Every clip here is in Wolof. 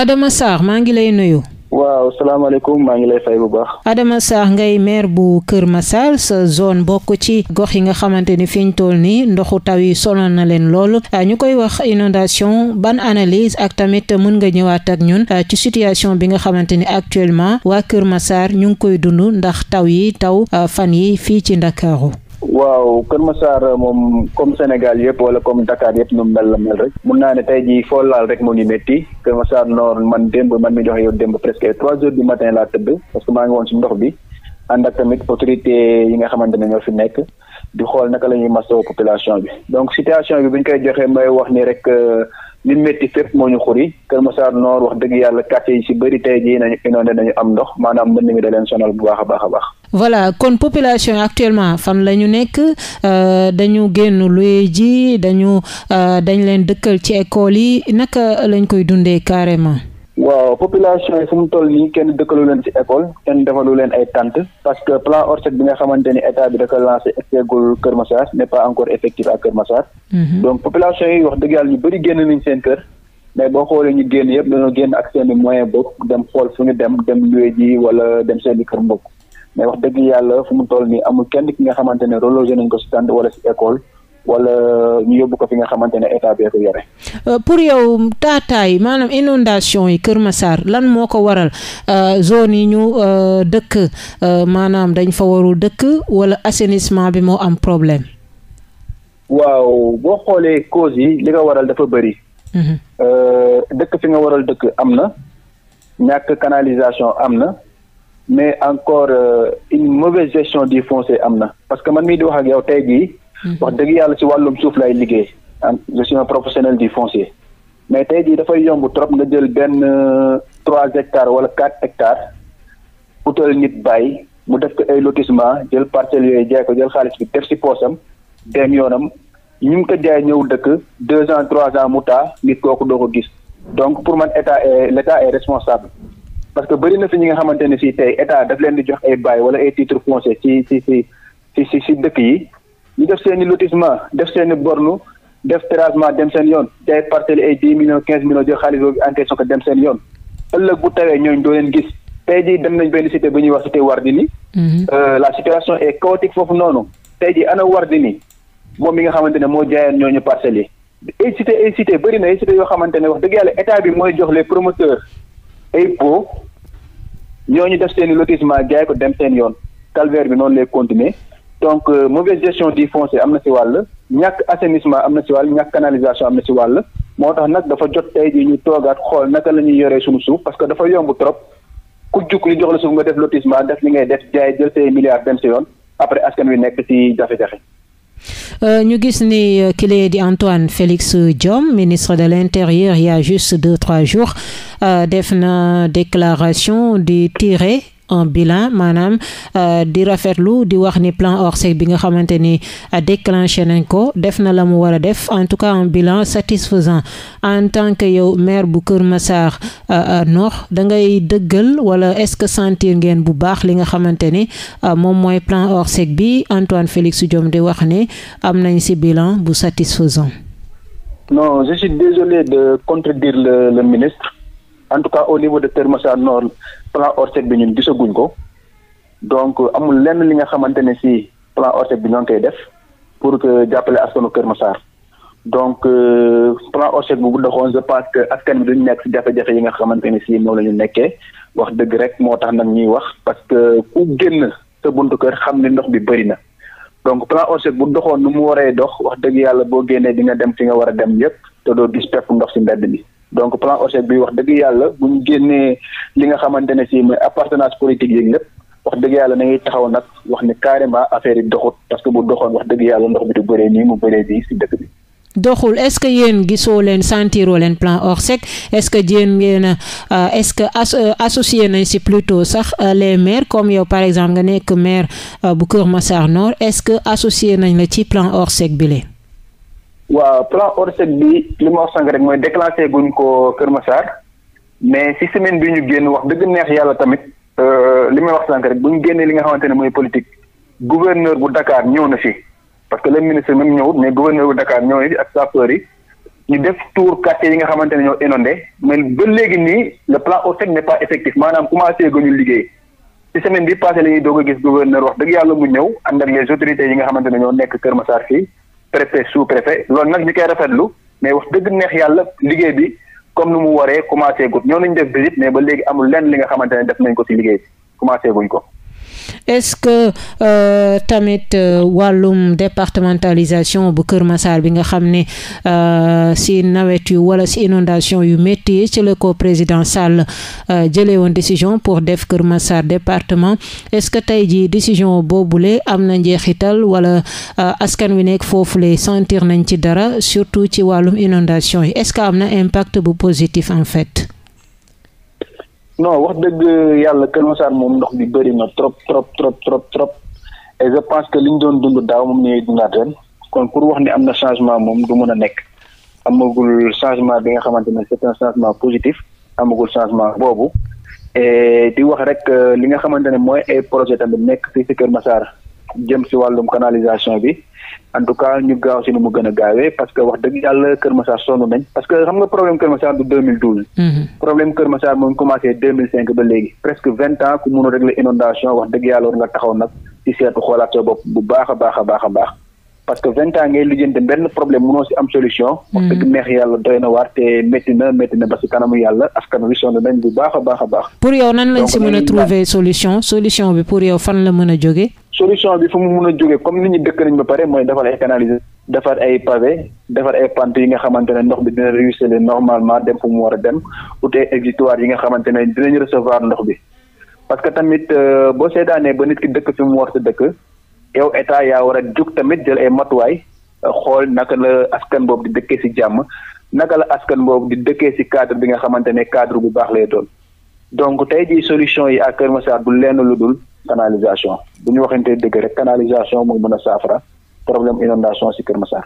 Adama Sarr maa ngi lay nuyu. waaw salaamaaleykum maa ngi lay fay bu baax. Adama Sarr ngay maire bu Kër Massar sa zone bokk ci gox yi nga xamante ni fi ñu toll nii ndoxu taw yi sonal na leen lool ah, ñu koy wax inondation ban analyse ak tamit mën nga ñëwaat ak ñun ah, ci situation bi nga xamante ni actuellement waa Kër Massar ñu ngi koy dund ndax taw yi taw ah, fan yi fii ci Ndakaaru. waaw Kër Massar euh, moom comme Sénégal yëpp wala comme Dakar yëpp nu mel la mel rek mun naa ne tey jii foo laal rek moo ñu métti Kër Massar Nord man démb man mi joxe yow démb presque ay trois heures du matin laa tëdd parce que maa ngi woon si ndox bi ànd ak tamit autorité yi nga xamante ne ñoo fi nekk di xool naka la ñuy masoo population bi donc situation bi bu koy joxee may wax ni rek. Euh, li métti fépp moo ñu xuri Kër Massar noor wax dëgg yàlla quartier yi ci bëri tey jii nañu inondé nañu am ndox maanaam mbënn mi da leen sonal bu baax a baax a baax. voilà kon population actuellement fan la ñu nekk euh, dañu génn luy ji dañu euh, dañ leen dëkkal ci école yi naka lañ koy dundee carrément. waaw population yi fu mu toll nii kenn dëkkalu leen ci école kenn defalu leen ay tente parce que plan Orsec bi nga xamante ni état bi da ko lancé eggul Kër Massar n'est pas encore effectif à Kër Massar. Mhm. donc population yi wax dëgg yàlla ñu bëri génn nañ seen kër. mais boo xoolee ñu génn yëpp dañoo génn ak seen i moyen bopp dem xool fu ñu dem dem luwe wala dem seen i kër mbokk mais wax dëgg yàlla fu mu toll nii amul kenn ki nga xamante ne relogé wala ñu yóbbu ko fi nga xamante ne état bee ko yore. Euh, pour yow taataay maanaam inondation yi Kër Massar lan moo ko waral euh, zone yi ñu euh, dëkk maanaam dañ fa warul dëkk wala assainissement bi moo am problème. waaw boo xoolee causes yi li ko waral dafa bëri. Mhm. dëkk fi nga waral dëkk am na. ñàkk canalisation am na. mais encore une mauvaise gestion du foncier am na. parce que man mii di wax ak yow tey gii Mm-hmm. wax dëgg yàlla ci wàllum suuf lay liggéey je suis un professionnel du foncier mais tey jii dafay yomb trop nga jël benn euh, trois hectares wala quatre hectares utal nit bàyyi mu def ko ay lotissement jël parcelles yooyu jaay ko jël xaalis bi def si poosam dem yoonam ñu ngi ko jaay ñëw dëkk deux ans trois ans mu taa nit kooku doo ko gis donc pour man état est l' état responsable parce que bëri na fi ñi nga xamante ne si tey état daf leen di jox ay bail wala titre foncier ci ci ci ci ci dëkk yi ñu def seen i lotissement def seen i def terrassement dem seen yoon jaay parcelle ay dix millions quinze millions jël xaalis boobu encaissé ko dem seen yoon ëllëg bu tawee ñooñu doo leen gis tey jii dem nañ benn cité bu ñuy wax cité Wardini mhm. euh, la situation est chaotique foofu noonu tey jii ana Wardini moom mi nga xamante ne moo jaayoon ñooñu parcelles yi ay cité ay cité bëri na ay cité yoo xamante ne wax dëgg yàlla état bi mooy jox les promoteurs ay po ñooñu def seen i lotissement dem seen yoon calvaire bi noonu lay continuer donc euh, mauvaise gestion du foncier am na si wàll ñàkk assainissement am na ci wàll ñàkk canalisation am na ci wàll moo tax nag dafa jot tey jii ñu toogaat xool naka la ñuy yoree suñu suuf parce que dafa yomb trop ku jug li jox la suuf nga def lotissement def li ngay def jaay jël say milliards dem si yoon après askan wi nekk ci jafe-jafe. Euh, ñu gis ni euh, kile di Antoine Félix Diome ministre de l'intérieur il y a juste deux trois jours def na déclaration di tirer. un bilan maanaam euh, di rafetlu di wax ni plan Orsec bi nga xamante ni euh, déclenché nañ ko def na la mu war a def en tout cas un bilan satisfaisant en tant que yow maire bu Kër Massar euh, Nord da ngay dëggal wala est-ce que sentir ngeen bu baax li nga xamante ni moom mooy plan Orsec bi Antoine Félix Diome di wax ni am nañ ci bilan bu satisfaisant. non je suis désolé de contredire le, le ministre en tout cas au niveau de Kër Massar Nord plan ORSEC bi ñun gisaguñ ko donc amul lenn li nga xamante ne si plan ORSEC bi ñoo ngi koy def pour que jàppale askanu Kër Massar donc euh, plan ORSEC bu doxoon je pense que askan bi duñ nekk si jafe-jafe yi nga xamante ne si moom la ñu nekkee wax dëgg rek moo tax nag ñuy wax parce que ku génn sa buntu kër xam ne ndox bi bëri na donc plan ORSEC bu doxoon nu mu waree dox wax dëgg yàlla boo génnee di nga dem fi nga war a dem yëpp te doo gis pepp ndox si mbedd bi donc plan ORSEC bi wax dëgg yàlla bu ñu génnee li nga xamante ne si mooy appartenance politique yeeg lépp wax dëgg yàlla na ngi taxaw nag wax ni carrément affaire yi doxut parce que bu doxoon wax dëgg yàlla ndox bi du bëree nii mu bëree bii si dëkk bi. doxul est-ce que yéen gisoo leen sentiroo leen plan ORSEC est-ce que jéem ngeen a euh, est-ce que as euh, associé nañ si plutôt sax euh, les maires comme yow par exemple nga nekk maire bu Kër Massar Nord est-ce que associé nañ la ci plan ORSEC bi leen. waaw plan ORSEC bi li ma wax sànq rek mooy déclassé guñ ko Kër Massar mais si semaine bi ñu génn wax dëgg neex yàlla tamit euh, li may wax sànq rek bu ñu génnee li nga xamante ne mooy politique gouverneur bu Dakar ñëw na fi parce que le ministre même ñëwut mais gouverneur bu Dakar ñëw na fi ak sapeurs yi ñu def tour quartier yi nga xamante ne ñoo inondé mais ba léegi nii le plan ORSEC n'est pas effectif maanaam commencé guñu liggéey ci semaine bi passé la ñuy doog a gis gouverneur yàlla mu ñëw ànd ak les autorités yi nga xamante ne ñoo nekk Kër Massar fii. préfet sous préfet loolu nag ñu koy rafetlu mais wax dëgg neex yàlla liggéey bi comme nu mu waree commencé gudd ñoo nañ def visite mais ba léegi amul lenn li nga xamante ne def nañ ko ci liggéey bi commencé guñ ko. est-ce que euh, tamit euh, wàllum départementalisation bu Kër Massar bi nga xam ne euh, si nawet yu wala si inondation yu métti ci la ko président Sall euh, jëlee woon décision pour def Kër Massar département est-ce que tey jii décision boobu lee am na njeexital wala askan wi nekk foofu le sentir nañ ci dara surtout ci wàllum inondation yi est-ce que am na impact bu positif en fait. non wax dëgg yàlla Kër Masar moom ndox bi bëri na trop trop trop trop trop et je pense que li ñu doon dund daaw moom ni dundaat ren kon pour wax ni am na changement moom du mën a nekk amagul changement bi nga xamante ne c'est changement positif amagul changement boobu et di wax rek euh, li nga xamante ne mooy ay projet tamit nekk fii si Kër Masar jëm si wàllum canalisation bi en ñu gaaw si nu mu gën a gaawee parce que wax dëgg yàlla Kër Massar sonn nañ parce que xam nga problème Kër Massar du 2012. Mhm. problème Kër Massar mu ngi commencé 2005 ba léegi presque vingt ans ku mun a régler inondation wax dëgg yàlla war te métti na ba si kanamu yàlla askan wi sonn nañ bu baax a baax a baax. pour yow nan lañ si mën a trouver solution solution bi pour yow fan la mën solution bi fu mu mun a jógee comme nit ñi dëkk nañ ba pare mooy defar ay canalisation defar ay pavé defar ay pante yi nga xamante ne ndox bi dina ruisseler normalement dem fu mu war a dem ut ay exutoire yi nga xamante ne dinañ recevoir ndox bi parce que tamit euh, boo seedaanee ba nit ki dëkk fi mu war sa dëkk yow état yaa war a jóg tamit jël ay matuwaay euh, xool naka la askan boobu di dëkkee ci jàmm naka la askan boobu di dëkkee ci cadre bi nga xamante ne cadre bu baax lay doon donc tey jii solution yi ak Kër Massar du lenn lu dul canalisation bu ñu waxantee dëgg rek canalisation mooy mën saafara problème inondation ci Kër Massar.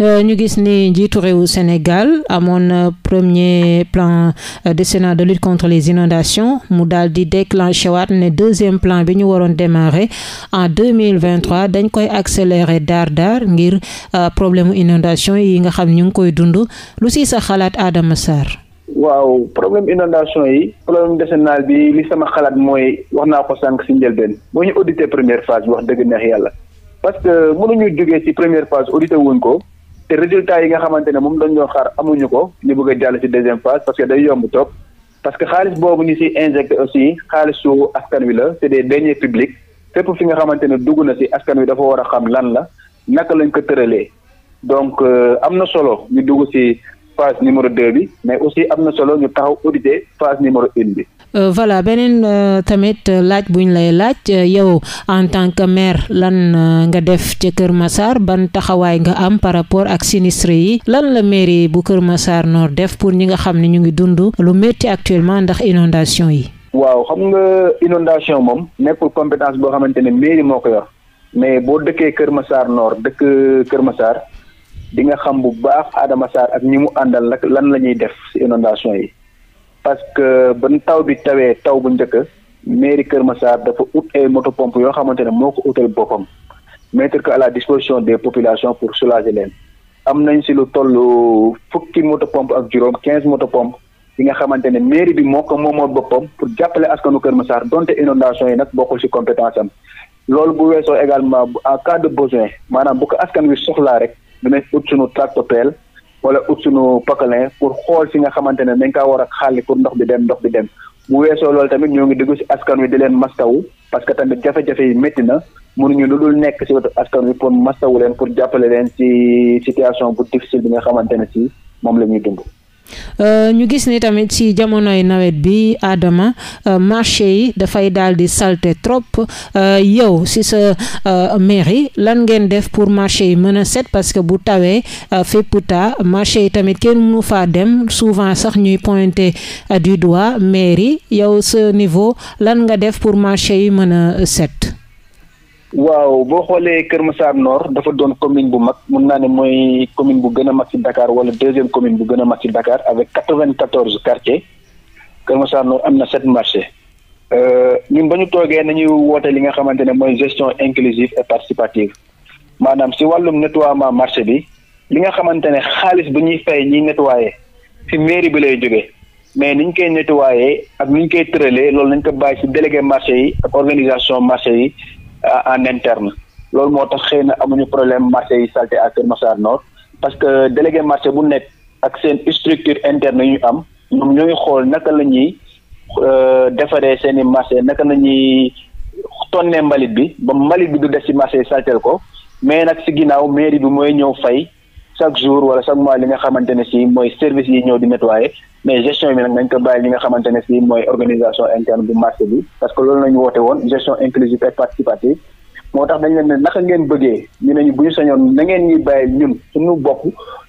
Euh, ñu gis ni njiitu réewu Sénégal amoon euh, premier plan euh, décennal de lutte contre les inondations mu daal di déclenché waat ne deuxième plan bi ñu waroon démarrer en deux mille vingt dañ koy accélérer daar daar ngir problème inondation yi nga xam ñu ngi koy dund lu ci sa xalaat aadama Sarr. waaw problème inondation yi problème décennal bi li sama xalaat mooy wax naa ko sànq si njëlbeen boo ñu audité première phase wax dëgg neex yàlla parce que mënuñu jógee si première phase audité wuñ ko te résultat yi nga xamante ne moom dañ doon xaar amuñu ko ñu bëgg a jàll si deuxième phase parce que day yomb toog parce que xaalis boobu ñu si injecté aussi xaalisu askan wi la c'est des deniers publics fépp fi nga xamante ne dugg na si askan wi dafa war a xam lan la naka lañ ko tëralee donc euh, am na solo ñu dugg si phase numéro deux bi mais aussi am na solo ñu taxaw auditer phase numéro une bi. Euh, voilà beneen euh, tamit euh, laaj buñ lay laaj yow en tant que maire lan nga def ca Kër masaar ban taxawaay nga am par rapport ak sinistre yi lan la mairie bu Kër Massar Nord def pour ñi nga xam ne ñu ngi dund lu métti actuellement ndax inondation yi. waaw xam nga inondation moom nekkul compétence boo xamante ne mairie moo ko yor mais boo dëkkee Kër masaar noor dëkk Kër Massar. di nga xam bu baax Adama Sarr ak ñi mu àndal nag lan la ñuy def ci inondation yi parce que ban taw bi tawee taw bu njëkk mairie Kër Massar dafa ut ay moto pompe yoo xamante ne moo ko utal boppam mettre que à la disposition des population pour soulager leen am nañ si lu toll fukki moto pompe ak juróom quinze moto pompe yi nga xamante ne mairie bi moo ko moomoon boppam pour jàppale askanu Kër Massar donte inondation yi nag bokkul ci compétence am loolu bu weesoo également en cas de besoin maanaam bu askan wi soxlaa rek dinañ ut suñu tractopelle wala ut suñu pocalin pour xool si nga xamante ne dañ kaa war a xàlli pour ndox bi dem ndox bi dem bu weesoo loolu tamit ñoo ngi dugg si askan wi di leen mastawu parce que tamit jafe-jafe yi métti na mënuñu lu dul nekk si wetu askan wi pour wu leen pour jàppale leen ci situation bu difficile bi nga xamante ne si moom la ñuy dund. Euh, ñu gis ni tamit ci jamonoy nawet bi aadama euh, marché yi dafay daal di salte trop euh, yow ci sa mairie lan ngeen def pour marché yi mën a set parce que bu tawee fépp taa yi tamit kenn mu faa dem souvent sax ñuy pointer du doigt mairie yow sa niveau lan nga def pour marché yi mën a set. waaw boo xoolee Kër Massar Nord dafa doon commune bu mag mun naa ne mooy commune bu gën a mag ci Dakar wala deuxième commune bu gën a mag ci Dakar avec quatre vingt quatorze quartiers Kër Massar Nord am na sept marchés euh, ñun ba ñu toogee nañuy woote li nga xamante ne mooy gestion inclusive et participative maanaam si wàllum nettoiement marché bi li nga xamante ne xaalis bu ñuy fay ñiy nettoyé si maire bi lay jógee mais ni ñu koy nettoyé ak ni ñu koy tëralee loolu nañ ko bàyyi si délégué marché yi ak organisation marché yi. en interne loolu moo tax xëy na amuñu problème marché yi salte ak Kër Massar Nord parce que délégué marché bu nekk ak seen structure interne yu ñu am ñoom ñoo xool naka la ñuy euh, defaree seen i marché naka la ñuy tonnee mbalit bi ba mbalit bi du def ci marché yi saltel ko mais nag si ginnaaw mairie bi mooy ñëw fay chaque jour wala chaque mois li nga xamante ne si mooy service yi ñëw di nettoyer mais gestion bi nag nañ ko nga xamante ne si mooy organisation interne bu marché bi parce que loolu woote woon gestion inclusive et participative moo tax naka ngeen bëggee ñu ne ñu bu ñu sañoon na ngeen ñuy bàyyi ñun suñu bokk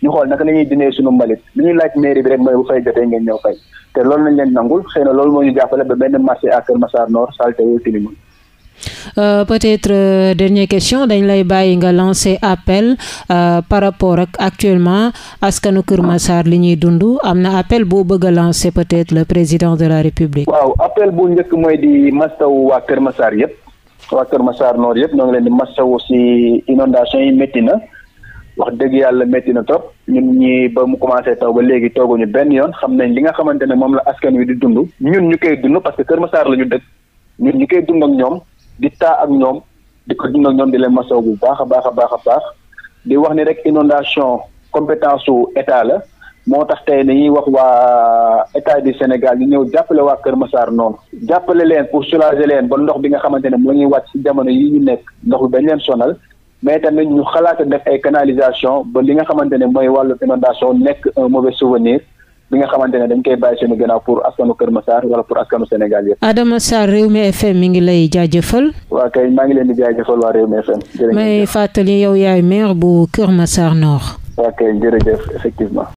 ñu xool naka la ñuy dindee suñu mbalit li ñu laaj mairie bi rek mooy bu fay jotee ngeen ñëw fay te loolu lañ leen nangul xëy na lool moo ñu jàppale ba benn marché à Kër Massar Nord salté Euh, peut-être euh, question dañ lay bàyyi nga lancer appel euh, par rapport ak actuellement askanu Kër Massar li ñuy dund am na appel boo bëgg a peut-être le président de la République. waaw appel bu njëkk mooy di mastawu waa Kër Massar yëpp waa Kër masaar Nord yépp ñoo ngi leen di mastawu ci inondation yi métti na wax dëgg yàlla metti na trop ñun ñi ba mu commencé taw ba léegi tooguñu benn yoon xam nañ li nga xamante ne moom la askan wi di dund ñun ñu koy dund parce que Kër Massar la ñu dëkk ñun ñu koy dund ak ñoom. di taa ak ñoom di ko dund ñoom di leen maso bu baax a baax a baax a baax di wax ni rek inondation compétence su état la moo tax tey dañuy wax waa état di Sénégal ñu ñëw jàppale waa Kër masaar noonu jàppale leen pour soulager leen ba ndox bi nga xamante ne moo ñuy wàcc ci jamono yi ñu nekk ndox bi dañ leen sonal mais tamit ñu xalaata def ay canalisation ba li nga xamante ne mooy wàllu inondation nekk un mauvais souvenir bi nga xamante ne dañ koy bàyyi seeni a pour askanu Kër Massar wala pour askanu Sénégal yëpp. Adama Sarr Rewmi FM mi ngi lay jaajëfal. waa kay maa ngi leen di jaajëfal waa Rewmi FM. may fàttali yow yaay maire bu Kër Massar Nord. waa kay jërëjëf effectivement.